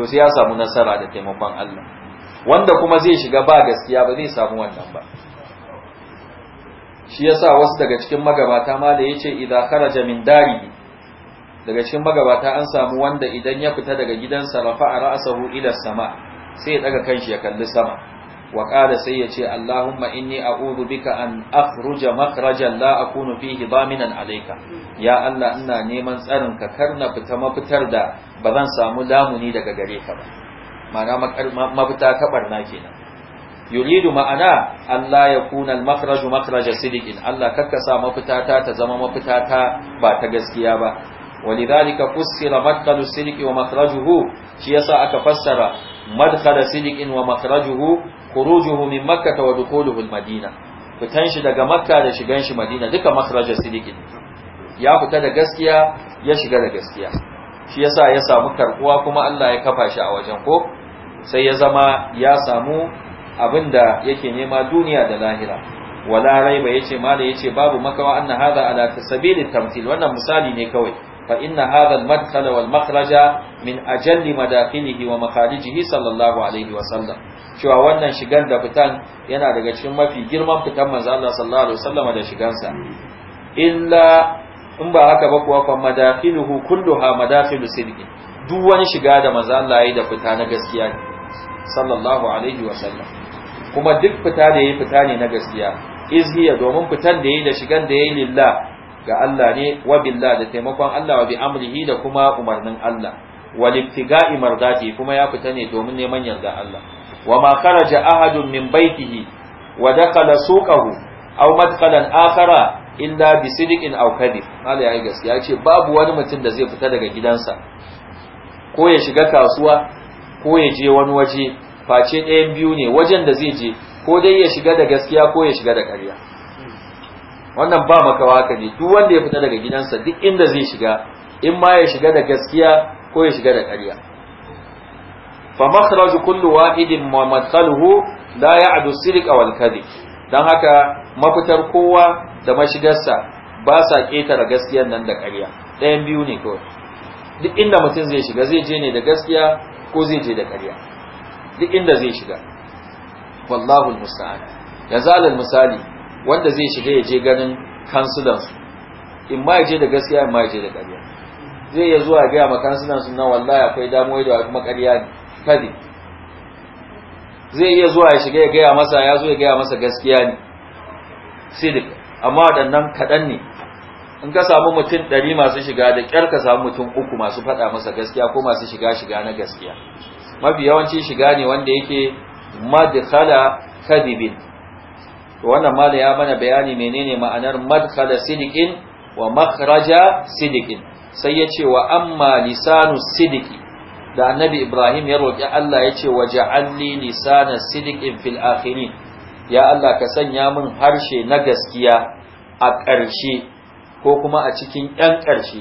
to sai ya samu nasara da taimakon Allah wanda kuma zai shiga ba gaskiya ba zai samu wannan ba shi yasa wasu daga cikin magabata ma da yace idza kharaja min dari daga cikin magabata an samu wanda idan ya fita daga gidansa rafa ra'asahu ila sama sai ya daga kanshi ya kalli sama wa qala sai yace Allahumma inni a'udhu bika an akhruja makhrajan la akunu fihi daminan alayka ya Allah ina neman tsarin ka karna fita mafitar da bazan samu lamuni daga gare ka ba ma'ana mafita ta barna kenan yuridu ma'ana Allah ya kuna al-makhraj makhraj sidiqin Allah kakkasa mafita ta ta zama mafita ta ba ta gaskiya ba Wani ولذلك فسر wa الصدق hu shi yasa aka fassara madkhala sidiqin wa makhrajuhu khurujuhu min makkah wa dukhuluhu al-madina fitan shi daga makka da shigan shi madina duka makhraj sidiqin ya fita da gaskiya ya shiga da gaskiya shi yasa ya samu karbuwa kuma Allah ya kafa shi a wajen ko sai ya zama ya samu abinda yake nema duniya da lahira wala raiba yace mala yace babu makawa anna hadha ala sabili tamthil wannan misali ne kawai fa inna hadha al-madkhala wal makhraja min ajalli madakhilihi wa makharijihi sallallahu alaihi wa sallam cewa wannan shigan da fitan yana daga cikin mafi girman fitan manzo Allah sallallahu alaihi da shigansa illa in ba haka ba kuwa fa madakhiluhu kulluha madakhilu sidqi duk wani shiga da manzo Allah yayi da fita na gaskiya sallallahu alaihi wa sallam kuma duk fita da yayi fita ne na gaskiya izhiya domin fitan da yayi da shigan da yayi lillah ga Allah ne wa billah da taimakon Allah wa bi amrihi da kuma umarnin Allah wal ibtiga'i mardati kuma ya fita ne domin neman yarda Allah wa ma kharaja ahadun min baitihi wa dakala suqahu aw madkhalan akhara illa bi sidiqin aw kadhib mala yayi gaskiya ya ce babu wani mutum da zai fita daga gidansa ko ya shiga kasuwa ko ya je wani waje face ɗayan biyu ne wajen da zai je ko dai ya shiga da gaskiya ko ya shiga da ƙarya wannan ba makawa haka ne duk wanda ya fita daga gidansa duk inda zai shiga in ma ya shiga da gaskiya ko ya shiga da ƙarya fa makhraju kullu wahidin wa madkhaluhu la ya'du sirqa wal kadhib don haka mafitar kowa da mashigarsa ba sa ƙetare gaskiyar nan da ƙarya ɗayan biyu ne kawai duk inda mutum zai shiga zai je ne da gaskiya ko zai je da ƙarya duk inda zai shiga wallahu musta'an ya zalal misali wanda zai shiga ya je ganin kansulan su in ma ya je da gaskiya in ma ya je da ƙarya zai iya zuwa ga ma kansulan su na wallahi akwai damuwa da kuma ƙarya ne kadi zai iya zuwa ya shiga ya gaya masa ya zo ya gaya masa gaskiya ne sidik amma waɗannan kaɗan ne in ka samu mutum ɗari masu shiga da kyar ka samu mutum uku masu faɗa masa gaskiya ko masu shiga shiga na gaskiya mafi yawanci shiga ne wanda yake madkhala kadibin to wannan malam ya mana bayani menene ma'anar madkhala Sidikin wa makhraja Sidikin, sai ya ce wa amma lisanu sidiki da annabi Ibrahim ya roƙi Allah ya ce waje alli lisana sidikin fil akhirin ya Allah ka sanya min harshe na gaskiya a ƙarshe ko kuma a cikin ɗan ƙarshe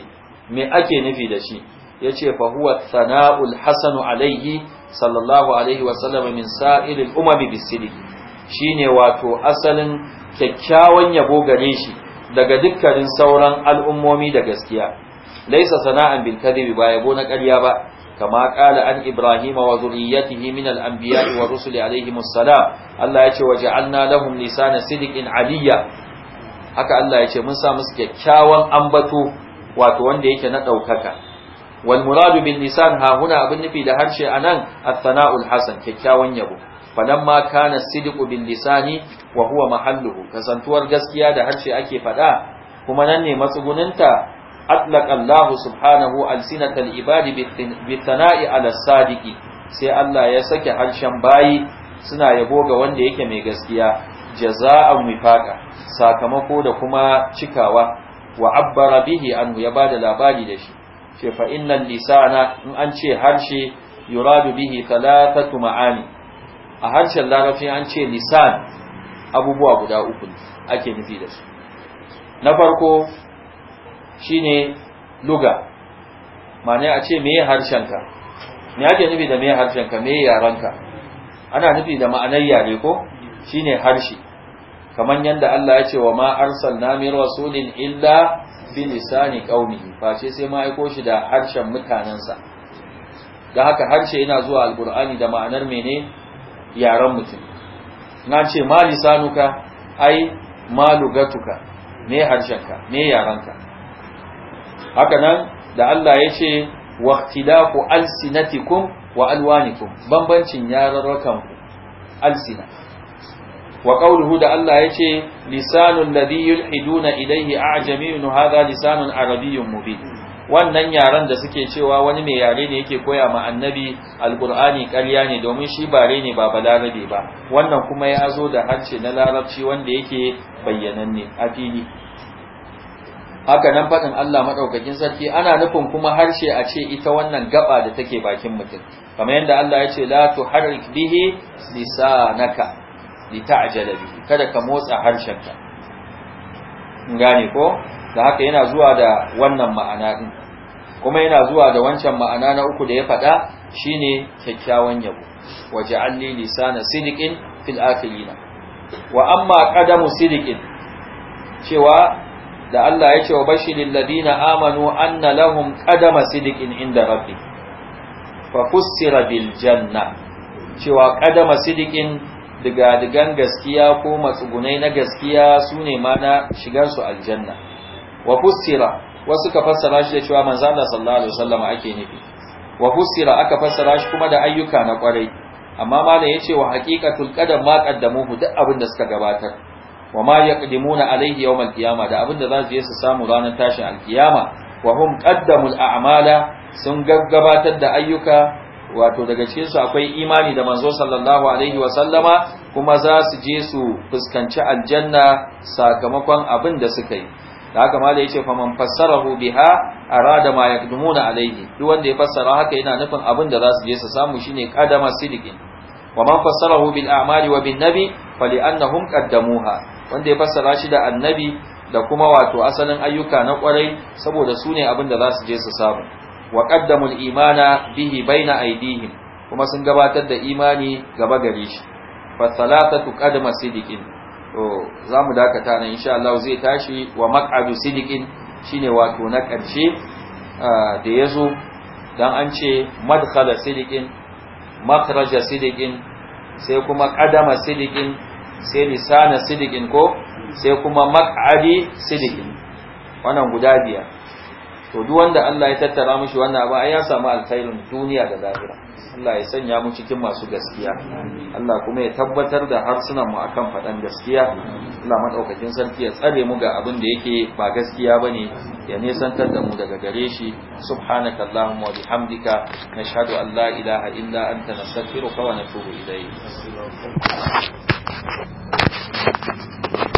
me ake nufi da shi ya ce fa sana'ul hasanu alaihi sallallahu alaihi wasallam min sa'ilil umami bisidiki shine wato asalin kyakkyawan yabo gare shi daga dukkanin sauran al'ummomi da gaskiya laisa sana'an bil kadhibi ba yabo na ƙarya ba kama qala an ibrahima wa zurriyyatihi min al-anbiya'i wa rusuli alayhim assalam Allah yace wa ja'alna lahum lisana sidqin haka Allah yace mun sa musu kyakkyawan ambato wato wanda yake na ɗaukaka. wal muradu bil lisan ha huna abin nufi da harshe anan at-sana'ul hasan kyakkyawan yabo ma kana sidqu bil lisani wa huwa mahalluhu kasantuwar gaskiya da harshe ake fada kuma nan ne matsuguninta أطلق subhanahu سبحانه ألسنة العباد بالثناء على sai Allah ya sake harshen bayi suna yabo ga wanda yake mai gaskiya jaza'an wifaqa sakamako da kuma cikawa wa abbara bihi anhu ya bada labari da shi ce fa innal lisana in an ce harshe yuradu bihi thalathatu ma'ani a harshen larabci an ce lisan abubuwa guda uku ake nufi da su na farko shine luga ma'ana a ce meye harshenka me ake nufi da meye harshenka meye yarenka ana nufi da ma'anar yare ko shine harshe kamar yadda Allah ya ce wa ma arsalna min rasulin illa bi lisani qaumihi face sai ma aiko shi da harshen mutanensa. da haka harshe yana zuwa alqur'ani da ma'anar mene yaren mutum na ce ma lisanuka ai ma lugatuka me harshenka me yarenka haka nan da Allah ya ce wa ikhtilafu alsinatikum wa alwanikum bambancin yararrakan ku alsina wa qawluhu da Allah ya ce lisanul ladhi yulhiduna ilayhi a'jamiyun hadha lisanun arabiyyun mubin wannan yaren da suke cewa wani mai yare ne yake koya ma annabi alqur'ani ƙarya ne domin shi bare ne ba balarabe ba wannan kuma ya zo da harce na larabci wanda yake bayyananne a fili haka nan faɗin Allah maɗaukakin sarki ana nufin kuma harshe a ce ita wannan gaba da take bakin mutum kamar yadda Allah ya ce la tuharrik bihi lisanaka lita'jala bihi kada ka motsa harshen harshenka gane ko da haka yana zuwa da wannan ma'ana din kuma yana zuwa da wancan ma'ana na uku da ya faɗa shine kyakkyawan yabo waje lisana sidiqin fil akhirina wa amma qadamu sidiqin cewa da Allah ya ce wa bashirin ladina amanu anna lahum qadama sidiqin inda rabbi fa fussira bil janna cewa qadama sidiqin diga digan gaskiya ko matsugunai na gaskiya sune ma na shigar su aljanna wa fussira wasu ka fassara shi da cewa manzo Allah sallallahu alaihi wasallam ake nufi wa fussira aka fassara shi kuma da ayyuka na kwarai amma malam yace wa haqiqatul qadam ma qaddamuhu duk abin da suka gabatar wa ma yaqdimuna alayhi yawm al-qiyama da abin da za su je su samu ranar tashin al-qiyama wa hum qaddamul a'mala sun gaggabatar da ayyuka wato daga cikin su akwai imani da manzo sallallahu alaihi wa sallama kuma za su je su fuskanci aljanna sakamakon abin da suka yi da haka ma da yace fa man fassarahu biha arada ma yaqdumuna alayhi duk wanda ya fassara haka yana nufin abin da za su je su samu shine qadama sidiqin wa man fassarahu bil a'mali wa bin nabi fa li annahum qaddamuha wanda ya fassara shi da annabi da kuma wato asalin ayyuka na kwarai saboda su ne abin da za su je su samu wa qaddamul imana bihi baina aidihim kuma sun gabatar da imani gaba gare shi fa salatatu qadama sidiqin to zamu dakata nan insha Allah zai tashi wa maq'adu sidiqin shine wato na karshe da yazo dan an ce madkhala sidiqin makhraja sidiqin sai kuma qadama sidiqin sai lisana sidikin ko sai kuma mak'adi sidikin wannan guda biyar to duk wanda Allah ya tattara mishi wannan abu ai ya samu alkhairin duniya da lahira Allah ya sanya mu cikin masu gaskiya Allah kuma ya tabbatar da harsunan mu akan faɗan gaskiya Allah madaukakin sarki ya tsare mu ga abin da yake ba gaskiya bane ya nesantar da mu daga gare shi subhanaka allahumma wa bihamdika nashhadu an la ilaha illa anta nastaghfiruka wa natubu ilayk